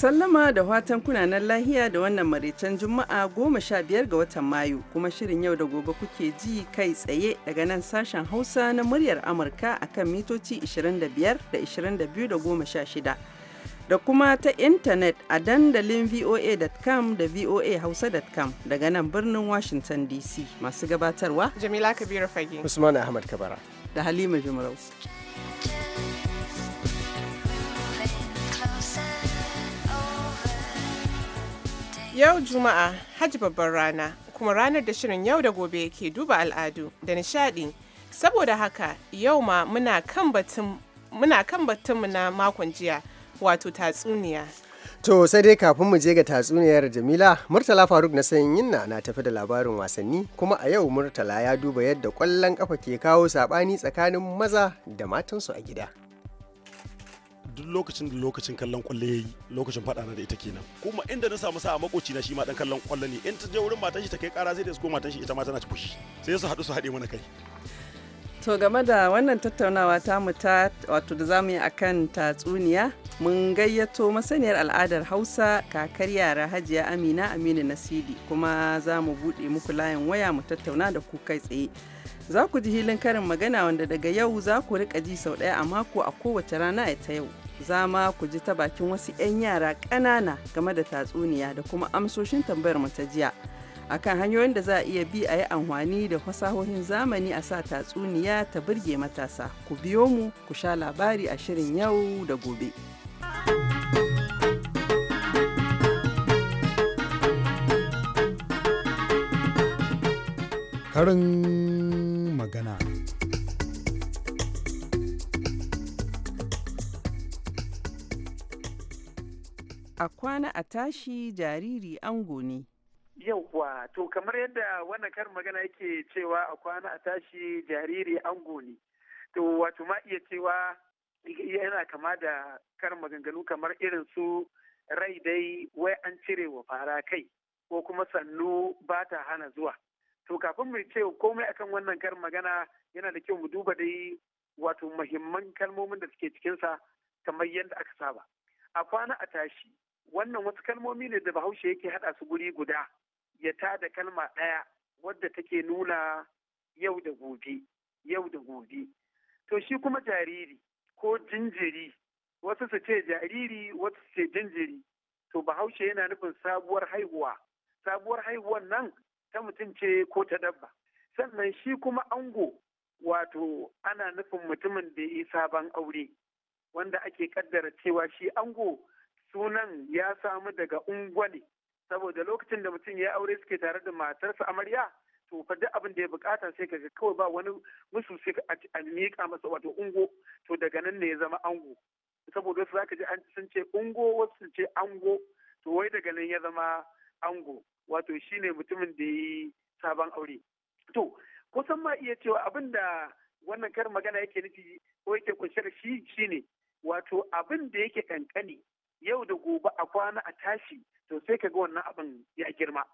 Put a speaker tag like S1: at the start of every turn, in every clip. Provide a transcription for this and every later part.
S1: Sallama da watan kunanan lahiya da wannan maraicen Juma'a goma sha biyar ga watan Mayu kuma shirin yau da gobe kuke ji kai tsaye daga nan sashen Hausa na muryar Amurka akan mitoci 25 da 22 da goma sha shida. Da kuma ta intanet a dandalin voa.com da voahausa.com daga nan birnin Washington DC masu gabatarwa. Jamila Kabiru Fage. Usman Ahmad Kabara. Da Halima Jumarau. Yau Juma'a
S2: Hajji babbar rana kuma ranar da shirin yau da gobe ke duba al'adu da nishadi. Saboda haka yau ma muna kan batunmu na makon jiya wato tatsuniya.
S3: To sai dai kafin mu je ga tatsuniyar Jamila, Murtala Faruk na sanyin na na tafi da labarin wasanni kuma a yau Murtala ya duba yadda ƙwallon ƙafa ke kawo saɓani tsakanin maza da matansu a gida. duk lokacin da lokacin kallon kwalle ya yi lokacin faɗa na da ita kenan
S4: kuma inda na samu sa makoci na shi ma dan kallon kwalle ne in ta je wurin matan shi ta kai kara sai da su ko matan shi ita ma tana ci fushi sai su haɗu su haɗe mana kai
S1: To game da wannan tattaunawa ta mu ta wato da zamu yi akan tatsuniya mun gayyato masaniyar al'adar Hausa kakar yara Hajiya Amina Aminu Nasidi kuma za mu buɗe muku layin waya mu tattauna da ku kai tsaye. Za ku ji hilin karin magana wanda daga yau za ku riƙa ji sau ɗaya a mako a kowace rana ta yau. za ma ku ji ta bakin wasu 'yan yara ƙanana game da tatsuniya da kuma amsoshin tambayar mu ta jiya. akan hanyoyin da za a iya bi a yi amfani da fasahohin zamani a sa tatsuniya ta burge matasa ku biyo mu ku sha labari a shirin yau da gobe.
S5: Karin
S1: a kwana a tashi jariri ango
S6: yau kuwa to kamar yadda wannan karin magana yake cewa a kwana a tashi jariri ango ne. To wato ma iya cewa yana kama da karin maganganu kamar irin su rai dai wai an cire wa fara kai ko kuma sannu ba ta hana zuwa. To kafin mu ce komai akan wannan karin magana yana da kyau mu duba dai wato muhimman kalmomin da suke cikinsa kamar yadda aka saba. A kwana a tashi wannan wasu kalmomi ne da bahaushe yake haɗa su guri guda ya ta da kalma ɗaya wadda take nuna yau da gobe yau da gobe to shi kuma jariri ko jinjiri wasu su ce jariri wasu su ce jinjiri to bahaushe yana nufin sabuwar haihuwa sabuwar haihuwan nan ta mutum ce ko ta dabba sannan shi kuma ango wato ana nufin mutumin da ya yi sabon aure wanda ake kaddara cewa shi ango sunan ya samu daga ungwani ne saboda lokacin da mutum ya aure suke tare da matarsa amarya to fa duk abin da ya bukata sai kaga kawai ba wani musu sai a miƙa masa wato ungo to daga nan ne ya zama ango saboda wasu zaka ji an sun ce ungo wasu sun ce ango to wai daga nan ya zama ango wato shine mutumin da yi sabon aure to kusan ma iya cewa abin da wannan kar magana yake nufi ko yake kunshe da shi shine wato abin da yake kankani yau da gobe a kwana a tashi to sai ka ga wannan abin ya girma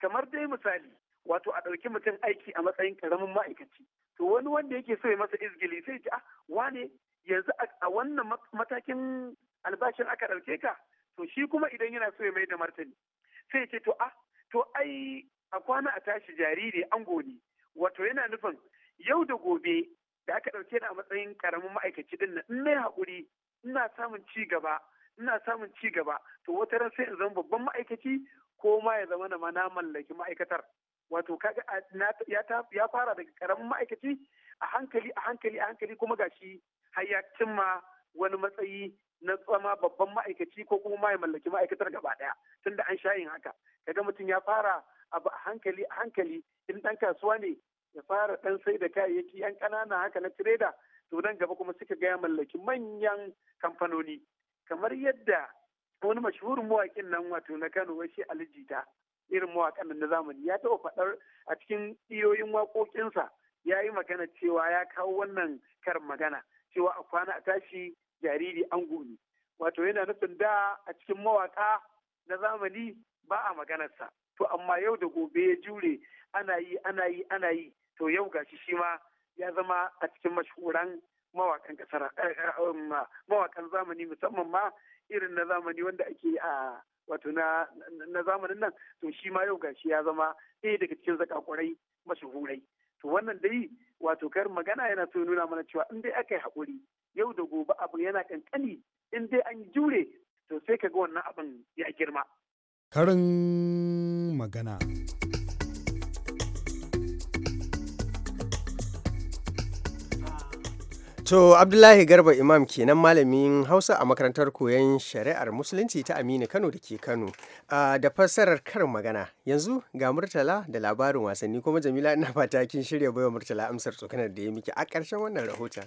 S6: kamar dai misali wato a ɗauki mutum aiki a matsayin karamin ma'aikaci to wani wanda yake so ya masa izgili sai ce ah wane yanzu a wannan matakin albashin aka ɗauke ka to shi kuma idan yana so ya mai da martani sai ce to ah to ai a kwana a tashi jariri an gode wato yana nufin yau da gobe da aka ɗauke ni a matsayin karamin ma'aikaci din nan in na haƙuri ina samun ci gaba ina samun ci gaba to wata ran sai in zama babban ma'aikaci ko ma ya zama na mana mallaki ma'aikatar wato kaga ya fara daga karamin ma'aikaci a hankali a hankali a hankali kuma gashi har ya cimma wani matsayi na tsama babban ma'aikaci ko kuma ma ya mallaki ma'aikatar gaba daya tunda an sha yin haka kaga mutum ya fara abu a hankali a hankali in dan kasuwa ne ya fara dan sai da kayayyaki yan kanana haka na tireda to nan gaba kuma suka ga ya mallaki manyan kamfanoni kamar yadda wani mashhurin mawaƙin nan wato na Kano wai shi Alijita irin mawaƙan nan na zamani ya taɓa faɗar a cikin iyoyin waƙoƙinsa ya yi magana cewa ya kawo wannan karin magana cewa a kwana a tashi jariri an gumi wato yana nufin da a cikin mawaƙa na zamani ba a maganarsa to amma yau da gobe ya jure ana yi ana yi ana yi to yau gashi shi ma ya zama a cikin mashhuran mawakan kasar eh, um, mawakan zamani musamman ma irin na zamani wanda ake a wato na zamanin nan to shi ma yau gashi ya zama ɗaya daga cikin zakakurai mashahurai to wannan dai wato kar magana yana so nuna mana cewa in dai aka yi haƙuri yau da gobe abin yana ƙanƙani in dai an jure to sai ka ga wannan abin ya girma
S7: karin magana
S3: To Abdullahi Garba Imam kenan malamin Hausa a makarantar koyon shari'ar Musulunci ta Aminu Kano da ke Kano. da fassarar karin magana yanzu ga Murtala da labarin wasanni kuma Jamila ina fata kin shirya baiwa Murtala amsar tsokanar da ya miki a ƙarshen wannan rahoton.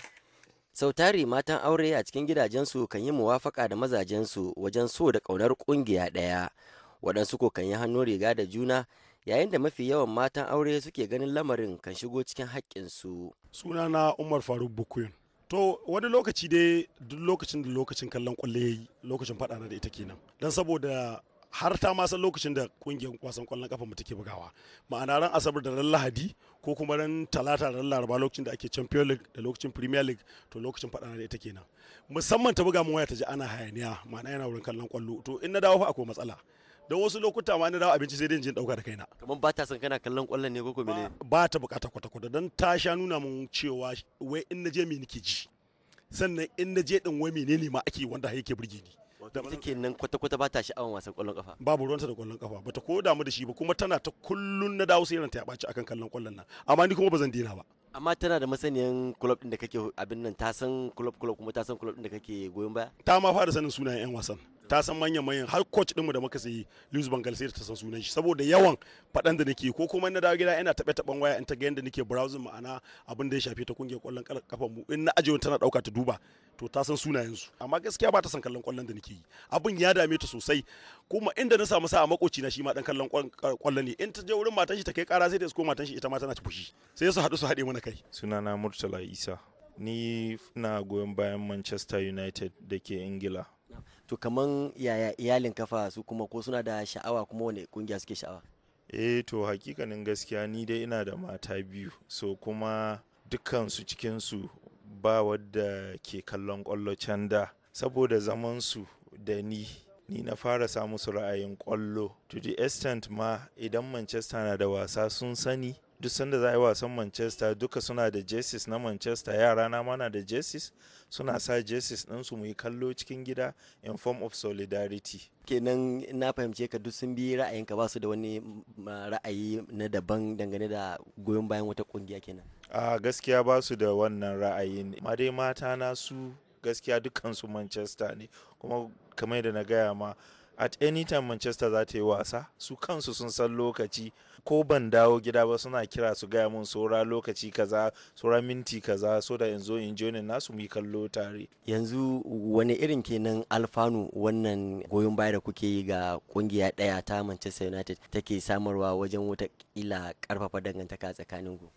S8: Sautari matan aure a cikin gidajensu kan yi muwafaka da mazajensu wajen so da ƙaunar ƙungiya ɗaya waɗansu ko kan yi hannu riga da juna yayin da mafi yawan matan aure suke ganin lamarin kan shigo cikin haƙƙinsu sunana
S4: umar faruk bukuyin to wani lokaci dai duk lokacin da lokacin kallon kwallo ya yi lokacin faɗa da ita kenan don saboda har ta ma san lokacin da kungiyar wasan kwallon kafa mu take bugawa ma'ana ran asabar da ran lahadi ko kuma ran talata da ran laraba lokacin da ake champion league da lokacin premier league to lokacin faɗa da ita kenan musamman ta buga mu waya ta ji ana hayaniya ma'ana yana wurin kallon kwallo to in na dawo fa akwai matsala da wasu lokuta ma ni dawo abinci sai dai jin dauka da kaina
S8: kamar ba ta san kana kallon kwallon ne ko mene
S4: ba ta bukata kwata kwata dan ta sha nuna mun cewa wai in na je me nake ji sannan in na je din wai menene ma ake wanda yake burge ni
S8: da take nan kwata kwata ba ta sha'awan wasan kwallon kafa
S4: babu ruwanta da kwallon kafa bata ko damu da shi ba kuma tana ta kullun na dawo sai ranta ya baci akan kallon kwallon nan amma ni kuma ba zan daina ba
S8: amma tana da masaniyan club din da kake abin nan ta san club club kuma ta san club din da kake goyon baya
S4: ta ma fara sanin sunayen yan wasan ta san manyan manyan har coach dinmu da muka sayi Luis Bangal sai ta san sunan shi saboda yawan faɗan da nake ko kuma na dawo gida ina taɓe taɓan waya in ta ga yanda nake browsing ma'ana abin da ya shafi ta kungiyar kwallon kafan mu in na ajiye tana ɗauka ta duba to ta san sunayen su amma gaskiya ba ta san kallon ƙwallon da nake yi abin ya dame ta sosai kuma inda na samu sa makoci na shi ma dan kallon ƙwallon ne in ta je wurin matan shi ta kai ƙara sai ta isko matan shi ita ma tana ci fushi
S7: sai su haɗu su haɗe mana kai sunana Murtala Isa ni na goyon bayan Manchester United da ke Ingila to kaman yaya iyalin kafa su kuma ko suna da sha'awa kuma wani kungiya suke sha'awa eh to hakikanin gaskiya ni dai ina da mata biyu so kuma dukkansu cikinsu ba wadda ke kallon kwallo can da saboda zamansu da ni ni na fara samu su ra'ayin kwallo to the extent ma idan manchester na da wasa sun sani duk sanda za a yi wasan manchester duka suna da jesus na manchester yara na mana da jesus suna sa jesus ɗinsu mu yi kallo cikin gida in
S8: form of solidarity kenan na fahimce ka duk sun bi ra'ayinka ba su da wani ra'ayi na daban dangane da goyon bayan wata kungiya kenan
S7: a gaskiya ba su da wannan ra'ayi ma dai mata na su gaskiya dukansu manchester ne kuma kamar da na gaya ma at any time manchester za ta yi wasa su kansu sun san lokaci ko ban dawo gida ba suna kira su gaya mun saura lokaci kaza saura minti kaza so da yanzu in joinin nasu mu kallo tare
S8: yanzu wani irin kenan alfanu wannan goyon baya da kuke yi ga kungiya daya ta Manchester United take samarwa wajen wata kila karfafa dangantaka tsakanin ku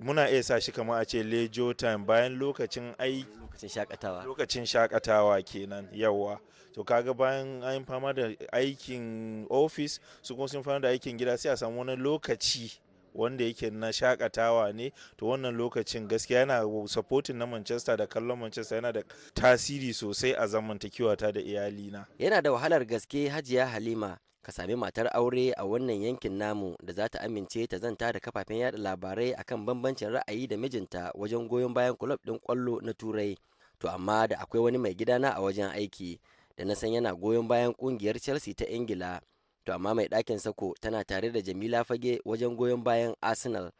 S7: muna iya sa shi kamar a ce lejo time bayan lokacin aiki lokacin shakatawa lokacin shakatawa kenan yawa to kaga bayan an fama da aikin ofis su kuma sun fama da aikin gida sai a samu wani lokaci wanda yake na shakatawa ne to wannan lokacin gaskiya yana supporting na manchester da kallon manchester yana da tasiri sosai a zamantakewata da iyalina
S8: yana da wahalar gaske hajiya halima ka sami matar aure a wannan yankin namu da za ta amince ta zanta da kafafen yada labarai akan bambancin ra'ayi da mijinta wajen goyon bayan kulob ɗin kwallo na turai to amma da akwai wani mai gidana a wajen aiki da na san yana goyon bayan kungiyar chelsea ta ingila to amma mai dakin sako tana tare da jamila fage wajen goyon bayan arsenal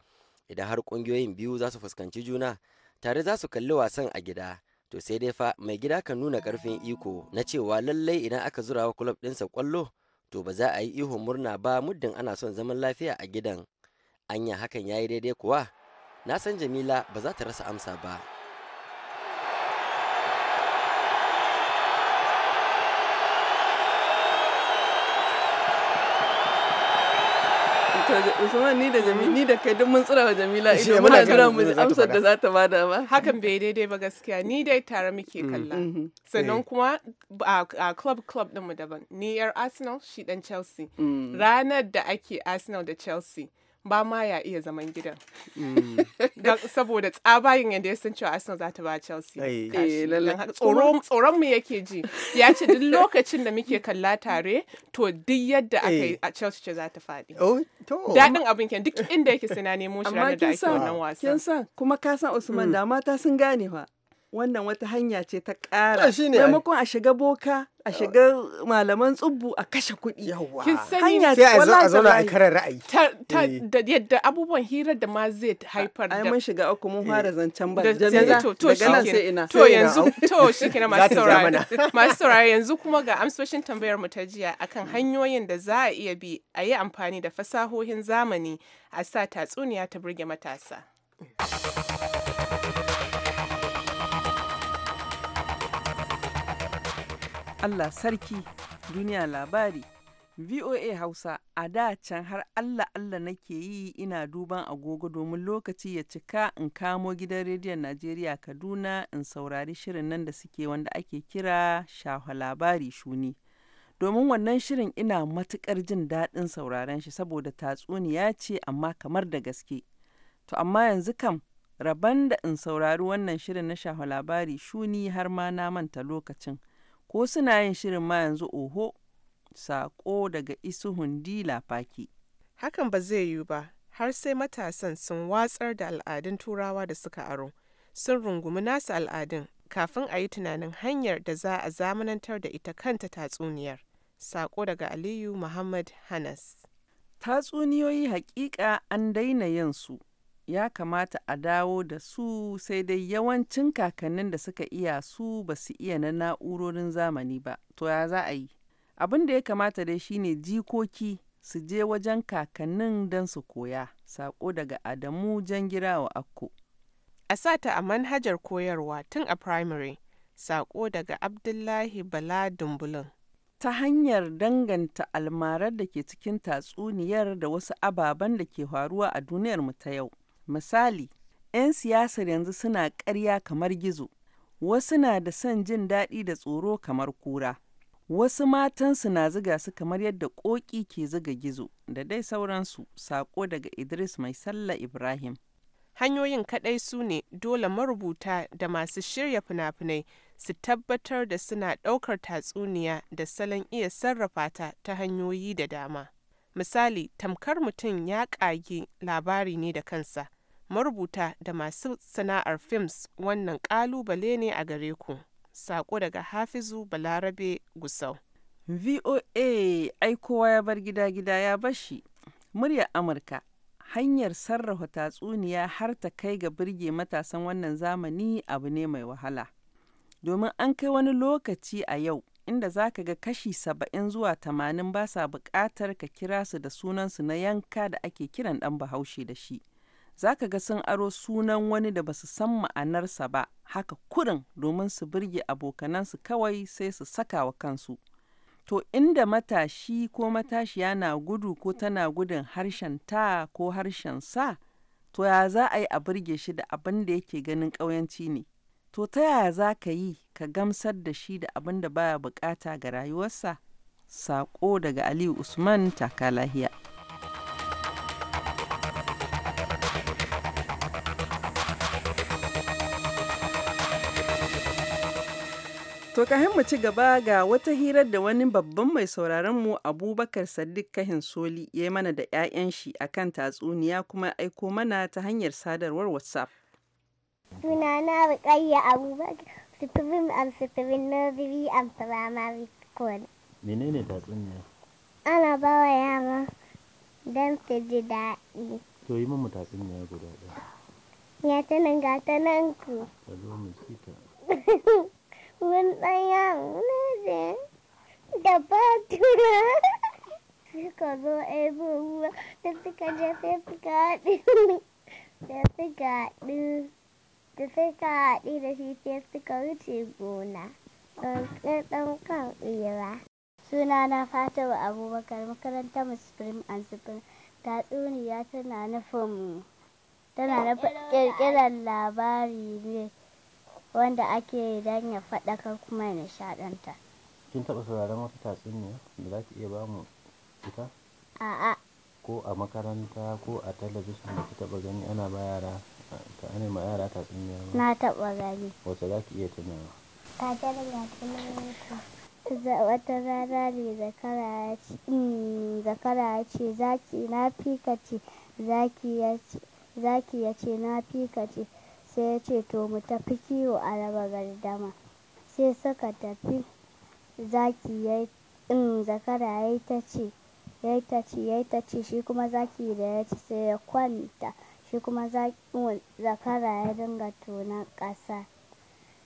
S8: idan har kungiyoyin biyu za su fuskanci juna tare za su kalli wasan a gida to sai dai fa mai gida kan nuna karfin iko na cewa lallai idan aka zurawa kulob ɗinsa kwallo to ba za a yi ihun murna ba muddin ana son zaman lafiya a gidan anya hakan ya yi daidai kuwa na san jamila ba za ta rasa amsa ba
S1: to Usman ni da Jamila ni da kai duk mun tsira wa Jamila
S2: ido muna jira mu amsa da za ta bada ba hakan bai daidai ba gaskiya ni dai tare muke mm, kalla mm-hmm. sannan eh. kuma a club club din mu daban ni yar Arsenal shi dan Chelsea mm. ranar da ake Arsenal da Chelsea ba ma ya iya zaman gidan mm. saboda tsabayin yadda ya san cewa Arsenal za ta ba Chelsea tsoron mu yake ji ya ce duk lokacin da muke kalla tare to duk yadda aka yi eh. a Chelsea ce za ta faɗi oh, daɗin abin kyan duk inda yake suna nemo shi ranar da ake wannan wasa
S1: kin san kuma ka san Usman mm. da mata sun gane fa wannan wata hanya ce ta ƙara maimakon a shiga boka a shiga malaman tsubbu a kashe kuɗi
S2: hanya ce a zauna a karar ra'ayi eh. da yadda abubuwan hira da ma zai haifar da mun shiga uku mun fara eh. zancen ba jami'a daga nan ina to yanzu to shikenan masu saurari masu saurari yanzu kuma ga amsoshin tambayar mu ta jiya akan hanyoyin da za a iya bi a yi amfani da fasahohin zamani a sa tatsuniya ta burge matasa.
S1: Allah sarki duniya labari. VOA Hausa a da can har Allah Allah nake yi ina duban agogo domin lokaci ya cika in kamo gidan rediyon Najeriya Kaduna in saurari shirin nan da suke wanda ake kira shaho labari shuni. Domin wannan shirin ina matukar jin daɗin sauraren shi saboda tatsuniya ce amma kamar da gaske. To amma yanzu kam rabon da in saurari wannan shirin na shaho labari shuni har ma na manta lokacin. ko suna yin shirin ma yanzu oho saƙo daga isu hundi lafaki. hakan
S2: ba zai yiwu ba har sai matasan sun watsar da al'adun turawa da suka aro sun rungumi nasu al'adun kafin a yi tunanin hanyar da za a zamanantar da ita kanta tatsuniyar saƙo daga aliyu muhammad hanas tatsuniyoyi
S1: hakika an daina yin su ya kamata a dawo da su sai dai yawancin kakannin da suka iya su ba su iya na na'urorin zamani ba to ya za a yi abin da ya kamata dai shine jikoki su je wajen kakannin don su koya sako daga adamu jangirawa akko a ta a
S2: manhajar koyarwa tun a primary sako daga abdullahi bala dumbulin
S1: ta hanyar danganta almarar da ke cikin tatsuniyar da wasu ababen da ke faruwa a duniyarmu ta yau Misali, 'yan siyasar yanzu suna ƙarya kamar gizo, wasu na da son jin daɗi da tsoro kamar kura, wasu matansu na zuga su kamar yadda ƙoƙi ke zuga gizo, da dai sauransu, sako daga Idris Mai sallah Ibrahim. hanyoyin kaɗai su ne dole
S2: marubuta da masu shirya fina-finai su tabbatar da suna ɗaukar tatsuniya da salon iya sarrafa ta ta hanyoyi da dama. Misali, tamkar mutum ya kage labari ne da kansa, marubuta da masu sana'ar fims wannan kalubale ne a gare ku. Sako daga Hafizu Balarabe Gusau.
S1: VOA aikowa ya bar gida gida ya bashi. murya Amurka hanyar sarrafa tatsuniya har ta kai ga birge matasan wannan zamani abu ne mai wahala. Domin an kai wani lokaci a yau inda za ka ga kashi saba'in zuwa tamanin ba sa bukatar ka kira su da sunansu na yanka da ake kiran dan bahaushe da shi. za ka ga sun aro sunan wani da ba su san ma'anarsa ba haka kurin domin su birge abokanansu kawai sai su saka wa kansu to inda matashi ko matashiya na gudu ko tana gudun harshen ta ko harshen sa to ya za a yi a birge shi da abin da yake ganin ƙauyanci ne to ta yaya za ka yi ka gamsar da shi da abin da baya bukata ga rayuwarsa saƙo daga aliyu usman taka lahiya To ka mu ci gaba ga wata hirar da wani babban mai sauraron mu Abubakar Sadiq Kahin Soli ya mana da 'ya'yan shi akan tatsuniya kuma aiko mana ta hanyar sadarwar WhatsApp.
S9: suna na Rukayya Abubakar supreme and supreme Nursery and Primary School.
S5: Menene tatsuniya?
S9: Ana ba wa yara don su ji daɗi.
S5: To yi mamu tatsuniya guda ɗaya.
S9: Ya ta nan ga ta nan ku. Ta zo mu ci ta. mun ɗaya ne da fatura suka da suka je da suka haɗu gona ɗan kan ɓera suna na abubakar makarantar muslim and supreme tatsuniya tana nufin tana nufin ƙirƙirar labari ne wanda ake yi don ya faɗakar kuma ya nishaɗanta. Kin taɓa
S3: sauraron wata tatsuniya da za ki iya ba mu ita? A'a. Ko a makaranta ko a talabijin da ki taɓa gani ana ba yara ta ana ma yara tatsuniya ba? Na taɓa gani.
S8: Wace za ki iya tunawa?
S9: Ta ya tunawa. wata rana ne zakara ya ce hmm, zaki na ka ce zaki ya ce na ka ce sai ya ce to mu tafi kiwo a raba gardama sai suka tafi zaki ya in zakara ya yi ta ce ya yi ta ce ya yi ta ce shi kuma zaki da ya ci sai ya kwanta shi kuma zakara ya dinga tonon ƙasa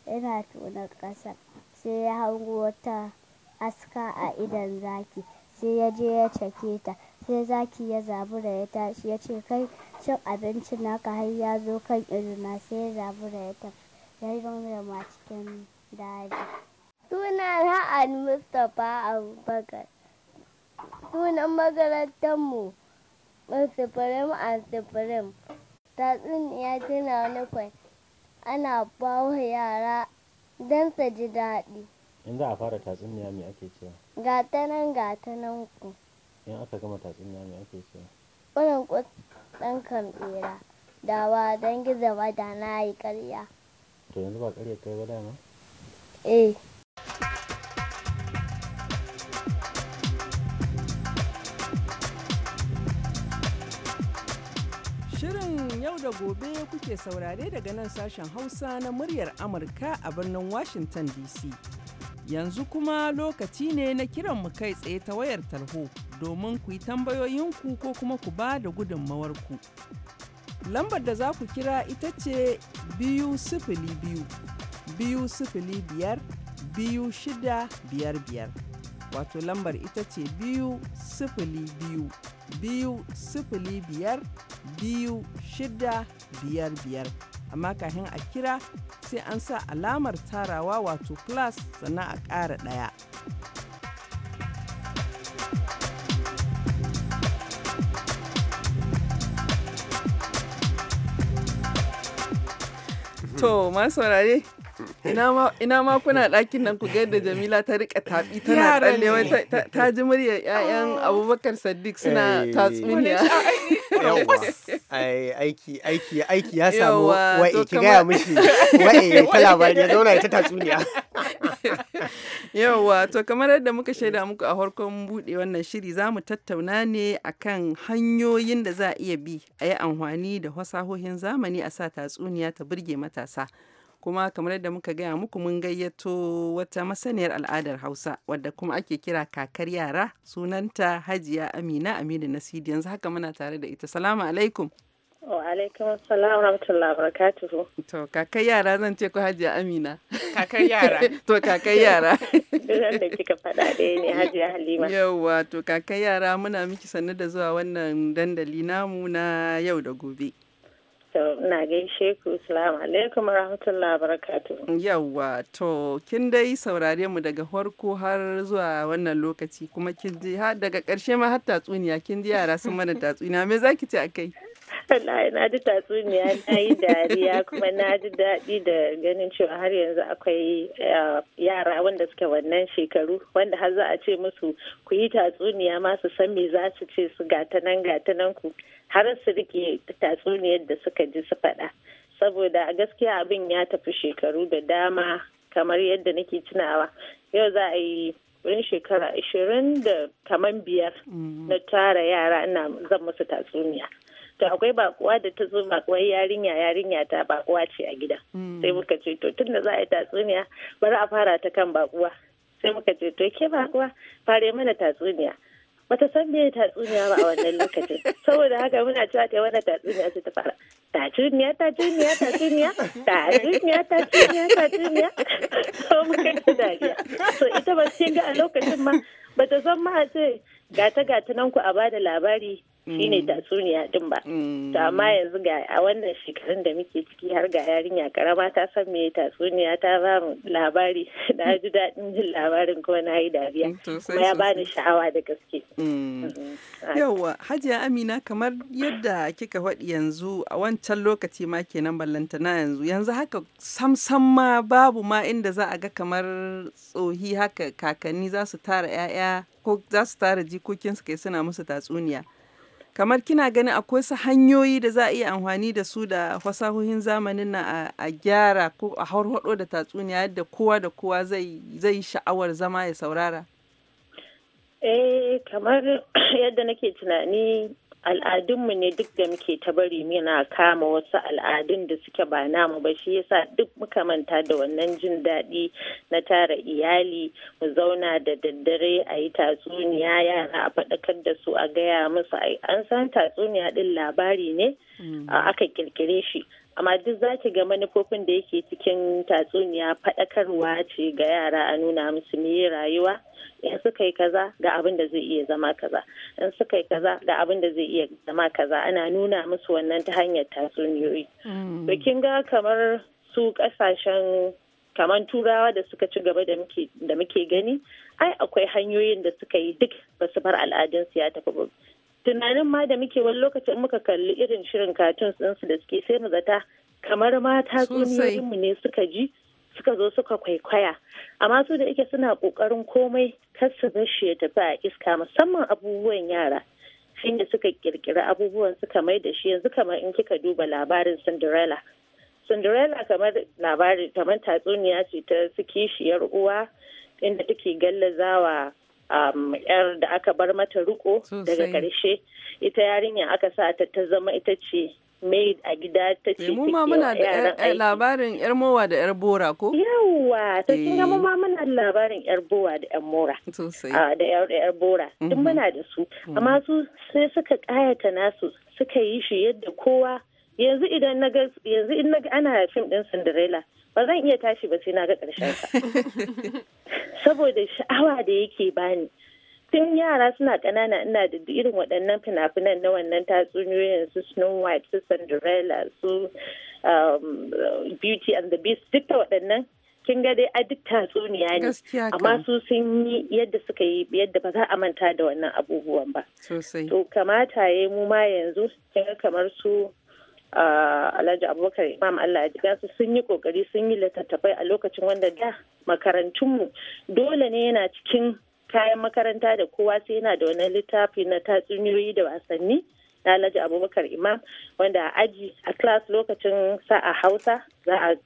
S9: yana tonon ƙasa sai ya hango wata aska a idon zaki sai ya je ya cake ta sai zaki ya zabura ya tashi ya ce kai cin abincin ka har ya zo kan idona sai ya zabura ya tafi ya yi runguma cikin daji Suna ra'ad mustapha abubakar sunan makarantarmu sifirim a sifirim tatsuniya tana nufin ana bawa yara don su ji daɗi
S3: in za a fara tatsuniya me ake cewa
S9: gata nan gata nan ku
S3: in aka gama tatsuniya me ake cewa
S9: ƙurin ɗan kan ɓera dawa don gizo ba da na yi ƙarya to yanzu ba ƙarya kai ba dama eh
S1: Shirin yau da gobe kuke saurare daga nan sashen Hausa na muryar Amurka a birnin Washington DC. Yanzu kuma lokaci ne na kiran mu kai tsaye ta wayar tarho. domin ku yi tambayoyinku ko kuma ku ba da gudunmawar ku. Lambar da za ku kira ita ce biyu sifili biyu, biyu sifili biyar, biyu shida biyar biyar. Wato lambar ita ce biyu sifili biyu, biyu sifili biyar, biyu shida biyar biyar. Amma kahin a kira sai an sa alamar tarawa wato plus sannan a ƙara ɗaya. To, masu saurare, ina ma kuna ɗakin nan ku ga da Jamila ta rika taɓi tana tsallewa ta ji muryar 'ya'yan oh. Abubakar Saddiq suna eh. tatsuniya.
S3: aiki aiki aiki ya samu wa'i ki gaya mishi
S1: wa'i eh, ta labari ya zauna ya ta tatsuniya yauwa to kamar yadda muka shaida muku a harkon buɗe wannan shiri za mu tattauna ne akan hanyoyin da za a iya bi a yi amfani da fasahohin zamani a sa tatsuniya ta burge matasa kuma kamar yadda muka gaya muku mun gayyato wata masaniyar al'adar hausa wadda kuma ake kira kakar yara sunanta hajiya amina aminu nasidi yanzu haka muna tare da ita salamu alaikum
S10: wa alaikum salam rahmatullahi barakatuhu to
S1: kakai yara zan ce ku hajiya
S10: amina Kakai yara
S1: to kakai yara da
S10: kika faɗa ɗaya ne hajiya halima
S1: yauwa to kakai yara muna miki sannu da zuwa wannan dandali namu na yau da gobe
S10: na gaishe ku, salamu alaikum rahmatullah
S1: barakatu. yawa to, kin dai saurare mu daga farko har zuwa wannan lokaci kuma kin ji har daga ƙarshe ma har tatsuniya kin ji yara sun mana tatsuniya me
S10: zaki ce kai. na ji tatsuniya na yi dariya kuma na ji daɗi da ganin cewa har yanzu akwai eh, yara wanda suke wannan shekaru wanda har za a ce musu ku yi tatsuniya ma su san me za su ce su gatanan gatanan ku har su rike tatsuniyar da suka ji su faɗa saboda gaskiya abin ya tafi shekaru da dama kamar yadda nake tunawa yau za a yi wani shekara ashirin da kamar biyar mm. na tara yara ina zan musu tatsuniya to akwai bakuwa da ta zo bakuwar yarinya yarinya ta bakuwa ce a gida hmm. sai muka ce to tun da za a yi tatsuniya bari a fara ta kan bakuwa sai muka ce to ke bakuwa fare mana tatsuniya bata san me tatsuniya ba a wannan lokacin saboda haka muna cewa ta wannan tatsuniya sai ta fara tatsuniya tatsuniya tatsuniya tatsuniya tatsuniya tatsuniya so muka ci dariya so ita ba sai ga a lokacin ma bata san ma a ce gata gata nan ku a bada labari shi shine mm. tatsuniya din ba mm. to amma yanzu ga a wannan shekarun da muke ciki har ga yarinya karama ta san me tatsuniya ta ba mu labari na ji daɗin jin labarin kuma na yi dariya mm, kuma ya bani sha'awa da gaske mm-hmm. yawwa
S1: hajiya amina kamar yadda kika faɗi yanzu a wancan lokaci ma kenan ballantana yanzu yanzu haka sam ma babu ma inda za a ga kamar tsohi haka kakanni za su tara 'ya'ya ko za su tara jikokinsu kai suna musu tatsuniya kamar kina ganin akwai su hanyoyi da za a iya amfani da su da fasahohin zamanin na a gyara ko a harhaɗo da tatsuniya yadda kowa da kowa zai yi sha'awar zama ya saurara
S10: eh kamar yadda nake tunani al'adunmu ne duk da muke ta bari muna kama wasu al'adun da suke ba namu ba shi yasa duk muka manta da wannan jin daɗi na tara iyali mu zauna da daddare a yi tatsuniya yara a faɗakar da su a gaya musu an san tatsuniya ɗin labari ne mm. aka kirkire shi amma duk za ki ga manufofin da yake cikin tatsuniya faɗakarwa ce ga yara a nuna musu meye rayuwa in suka yi kaza ga abin da zai iya zama kaza in suka yi kaza ga abin da zai iya zama kaza ana nuna musu wannan ta hanyar tatsuniyoyi mm. to kin ga kamar su kasashen kamar turawa da suka ci gaba da muke gani ai akwai hanyoyin da suka yi duk ba su bar su ya tafi tunanin ma da muke wani lokacin muka kalli irin shirin katun ɗinsu da suke sai mu zata kamar mata mu ne suka ji suka zo suka kwaikwaya amma su da ike suna ƙoƙarin komai kar su shi ya tafi a iska musamman abubuwan yara shi ne suka kirkiri abubuwan suka mai da shi yanzu kamar in kika duba labarin cinderella cinderella kamar labari kamar tatsuniya ce ta su kishiyar uwa inda take gallazawa Um, yar da aka bar mata riko daga karshe ita yarinya aka sa ta ta zama ita ce maid a gida ta ce eh, mu ma muna da labarin yar mowa da yar bora ko yawa ta kin ga mu eh. ma muna da labarin yar bowa da yar mora ah, da yar bora duk mhm. muna da su mhm. amma su sai suka kayata nasu suka yi shi yadda kowa yanzu idan na yanzu ana fim din Cinderella ba zan iya tashi ba sai na ga ƙarshen sa saboda sha'awa da yake bani tun yara suna ƙanana ina da irin waɗannan fina-finan na wannan tatsuniyoyin su snow white su cinderella su um, beauty and the beast duk da waɗannan kin ga dai a duk tatsuniya ne amma su sun yi yadda suka yi yadda ba za a manta da wannan abubuwan ba to kamata ya mu ma yanzu kin ga kamar su Alhaji Abubakar Imam Allah ya sun yi kokari sun yi littattafai a lokacin wanda da makarantunmu dole ne yana cikin kayan makaranta da kowa sai yana da wani littafi na tatsuniyoyi da wasanni. Alhaji Abubakar Imam wanda a aji a class lokacin sa'a Hausa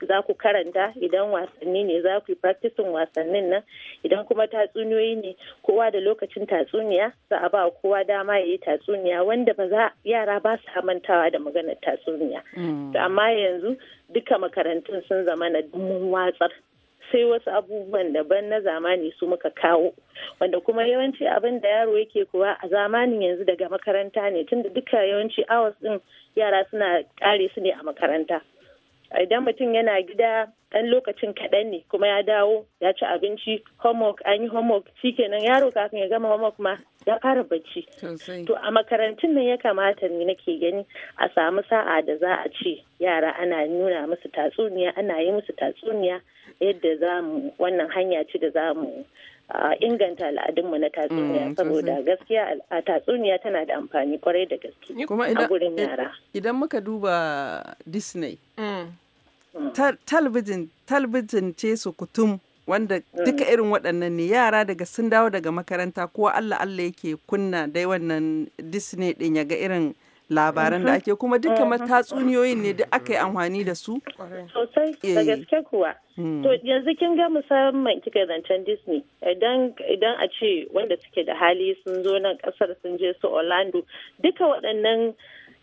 S10: za ku karanta idan wasanni ne za ku yi practicing wasannin nan idan kuma tatsuniyoyi ne kowa da lokacin tatsuniya za a ba kowa dama ya yi tatsuniya wanda ba za yara ba su mantawa da maganar tatsuniya mm. amma yanzu duka makarantun sun zama na mun watsar sai wasu abubuwan daban na zamani su muka kawo wanda kuma yawanci abin da yaro yake kuwa a zamanin yanzu daga makaranta ne tunda duka yawanci hours din yara suna kare su ne a makaranta idan mutum yana gida ɗan lokacin kaɗan ne kuma ya dawo ya ci abinci homework an yi homework shikenan yaro kafin ya gama homework ma ya fara bacci to a makarantun nan ya kamata ne nake gani a samu sa'a da za a ce yara ana nuna musu tatsuniya ana yi musu tatsuniya yadda za mu wannan hanya ce da za mu inganta al'adunmu na tatsuniya mm, saboda gaskiya a tatsuniya tana da amfani kwarai da gaske a gurin yara
S1: idan muka duba disney mm. Mm. talabijin talabijin ce su kutum wanda mm. duka irin waɗannan ne yara daga sun dawo daga makaranta ko Allah Allah yake kunna dai wannan Disney din ya ga irin labaran da mm-hmm. ake kuma duka mm-hmm. matatsuniyoyin ne duk aka yi amfani da su
S10: sosai da eh. gaske kuwa mm. to yanzu kin ga musamman kika zancen Disney idan a ce wanda suke da hali sun zo nan kasar sun je su Orlando duka waɗannan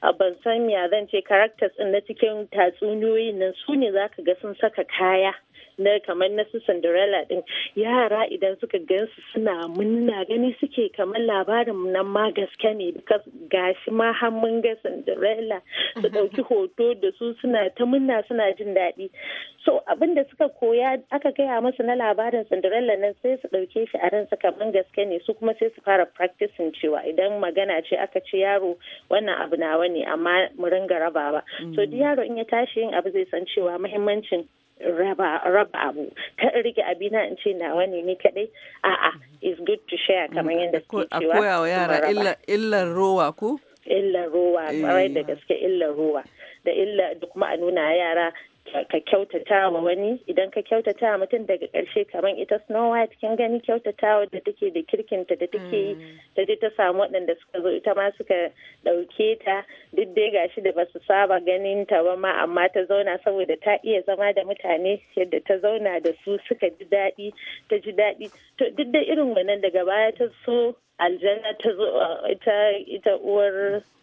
S10: A ban san ya zan ce characters na cikin tatsuniyoyin nan su ne za ka ga sun saka kaya na kamar na su Cinderella din yara idan suka gansu suna munna gani suke kamar labarin nan ma gaske ne gashi ma har mun ga Cinderella su dauki mhm. hoto da su suna ta munna suna jin daɗi so abin da suka koya aka gaya masu na labarin Cinderella nan sai su dauke shi a ransa kamar gaske ne su kuma sai su fara practicing cewa idan magana ce aka ce yaro wannan abu nawa ne amma mu ringa rabawa so duk mm. yaro in ya tashi yin abu zai san cewa muhimmancin raba raba abu kar rike abina in ce nawa ne ni kadai a'a is good to share kamar yadda suke cewa a koya wa yara
S1: illar rowa ku
S10: illar rowa kwarai da eh. gaske illar rowa da illa da kuma a nuna yara ka kyautata wa wani idan ka kyautata wa mutum daga karshe kamar ita snow white kin gani kyautatawa da take da kirkinta da take yi mm. ta je ta samu waɗanda suka zo ita ma suka ɗauke ta duk dai gashi da basu saba ganin ta ba ma amma ta zauna saboda ta iya zama da mutane yadda ta zauna da su suka ji daɗi ta ji daɗi to duk da irin wannan daga baya ta so aljana ta zo ita ita uwar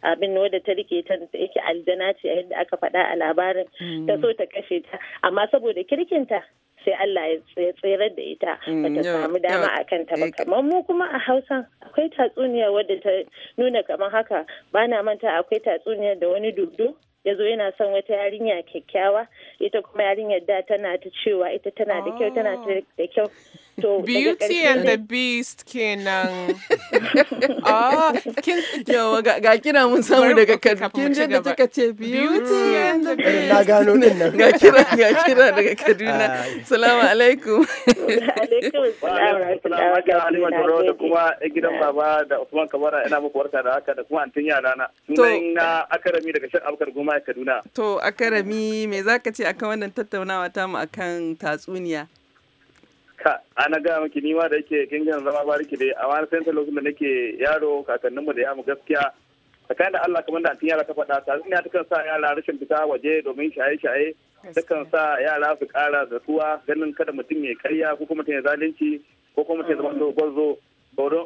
S10: abin wadda ta rike ta yake aljana ce yadda aka faɗa a labarin mm. ta so ta kashe ta amma saboda kirkinta sai Allah ya tsirar da ita mm, bata samu dama a kanta ba kamar mu kuma a Hausa akwai tatsuniya wadda ta nuna kamar haka bana manta akwai tatsuniya da wani dubdu ya zo yana son wata yarinya kyakkyawa ita kuma yarinyar da tana ta cewa ita tana da kyau tana ah. da kyau So, Beauty and the
S2: Beast kenan. ah, kin yawa ga kira mun samu daga Kaduna. Kin je da kika ce Beauty and the Beast. Na
S3: gano nan nan. Ga kira ga kira
S2: daga
S5: Kaduna. Assalamu alaikum. Alaikum assalam. da kuma gidan baba da Usman Kabara ina muku barka da haka da kuma antin yara na. Sunan na Akarami daga Shar Abubakar Goma Kaduna.
S1: To Akarami me zaka ce akan wannan tattaunawa ta mu akan tatsuniya?
S5: ka ana ga miki nima da yake kin zama bariki dai a wani senta lokacin da nake yaro mu da yamu gaskiya tsakanin da Allah kamar da antin yara ta faɗa ta zina ta kan sa yara rashin fita waje domin shaye-shaye ta kan sa yara su ƙara da tuwa ganin kada mutum ya karya ko kuma ta ya zalunci ko kuma ta zama gwarzo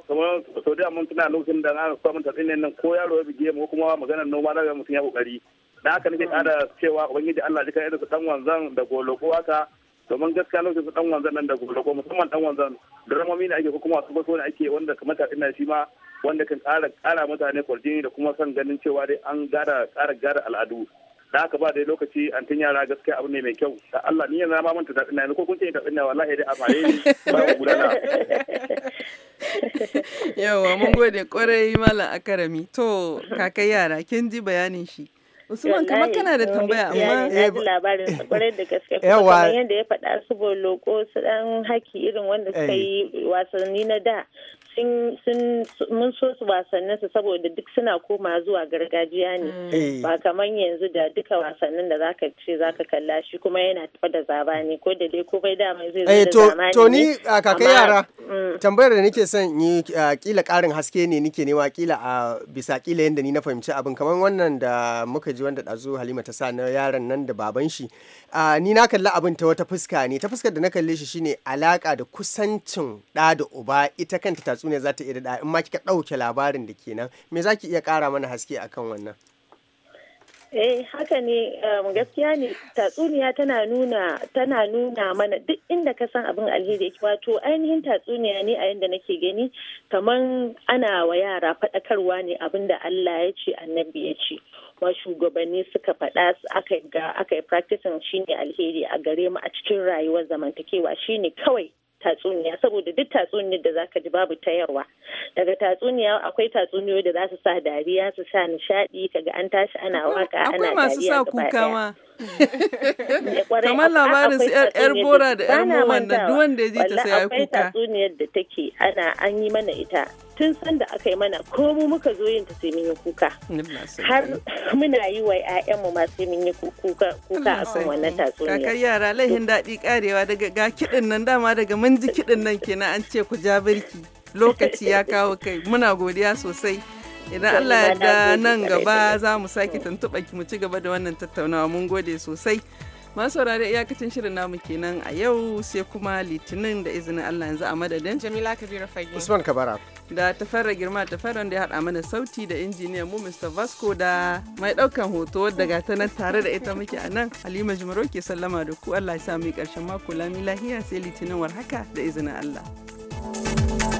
S5: kamar sau da mun tuna lokacin da ana samun tatsin nan ko yaro ya bige mu kuma maganar noma daga mutum ya kokari da haka nake mm. ƙara cewa ubangiji Allah duka irin su dan wanzan da golo ko haka domin gaskiya lokacin su dan wanzan nan da gobe ko musamman dan wanzan dramomi ne ake ko kuma wasu baso ne ake wanda kamar ta ina shi ma wanda kan ƙara ƙara mutane kwarjini da kuma son ganin cewa dai an gara ƙara gara al'adu da haka ba dai lokaci an tun yara gaskiya abu ne mai kyau da Allah ni yanzu ma manta tafi na ko kun ce ta na wallahi dai a faye ni ba ku gudana
S1: yawa mun gode kwarai malam akarami to kakai yara kin ji bayanin shi
S10: Usman kamar kana da tambaya amma ya ji labarin sa kwarai da gaske kamar yadda ya faɗa su loko su dan haki irin wanda suka yi wasanni na da mun so su wasannin su saboda duk suna koma zuwa gargajiya ne mm. ba kamar yanzu da duka wasannin da zaka ce zaka kalla shi kuma yana tafa da zabani ko da dai ko bai mai zai zai eh, da to ni kakai yara mm.
S3: tambayar da nake son yi kila karin haske ne nake nema kila a bisa kila yanda ni na fahimci abin kamar wannan da muka ji wanda dazu Halima ta sa na yaran nan da baban shi ni na kalla abin ta wata fuska ne ta fuskar da na kalle shi shine alaka da kusancin da da uba ita kanta tatsuniya za ta iya daɗa in ma kika ɗauke labarin da kenan me za ki iya ƙara mana haske akan wannan
S10: eh haka ne um, gaskiya ne tatsuniya tana nuna tana nuna mana duk inda ka san abin alheri yake wato ainihin tatsuniya ne a yanda nake gani kamar ana wa yara faɗakarwa ne abin da Allah ya ce annabi ya ce wa shugabanni suka faɗa aka ga aka yi practicing shine alheri a gare mu a cikin rayuwar zamantakewa shine kawai tatsuniya saboda duk tatsuniyar da zaka ji babu tayarwa daga tatsuniya akwai tatsuniyoyi da za su sa dariya su sa nishadi kaga an tashi ana waka ana dariya akwai masu kuka ma eh, kamar labarin su yar bora da yar mowan da duk wanda ya ji ta sai ya kuka akwai tatsuniyar da take ana an yi mana ita tun sanda aka yi mana ko mu muka zo yin ta sai mun yi kuka har muna yi wa ƴaƴanmu ma sai mun yi kuka kuka a kan wannan tatsuniya kakar yara laihin
S1: daɗi karewa daga ga kiɗin nan dama daga mun ji kiɗin nan kenan an ce ku ja birki lokaci ya kawo kai muna godiya sosai idan Allah ya da nan gaba za mu sake tuntuɓa ki mu ci gaba da wannan tattaunawa mun gode sosai masu saurari iyakacin shirin namu kenan a yau sai kuma litinin da izinin Allah yanzu a madadin Jamila Kabiru Fage Usman Kabara da tafarra girma tafarran da ya haɗa mana sauti da injiniyan mu Mr. Vasco da mai ɗaukan hoto wadda ga ta nan tare da ita muke a nan Halima Jumaro ke sallama da ku Allah ya sami karshen ƙarshen mako lami lahiya sai litinin war haka da izinin Allah.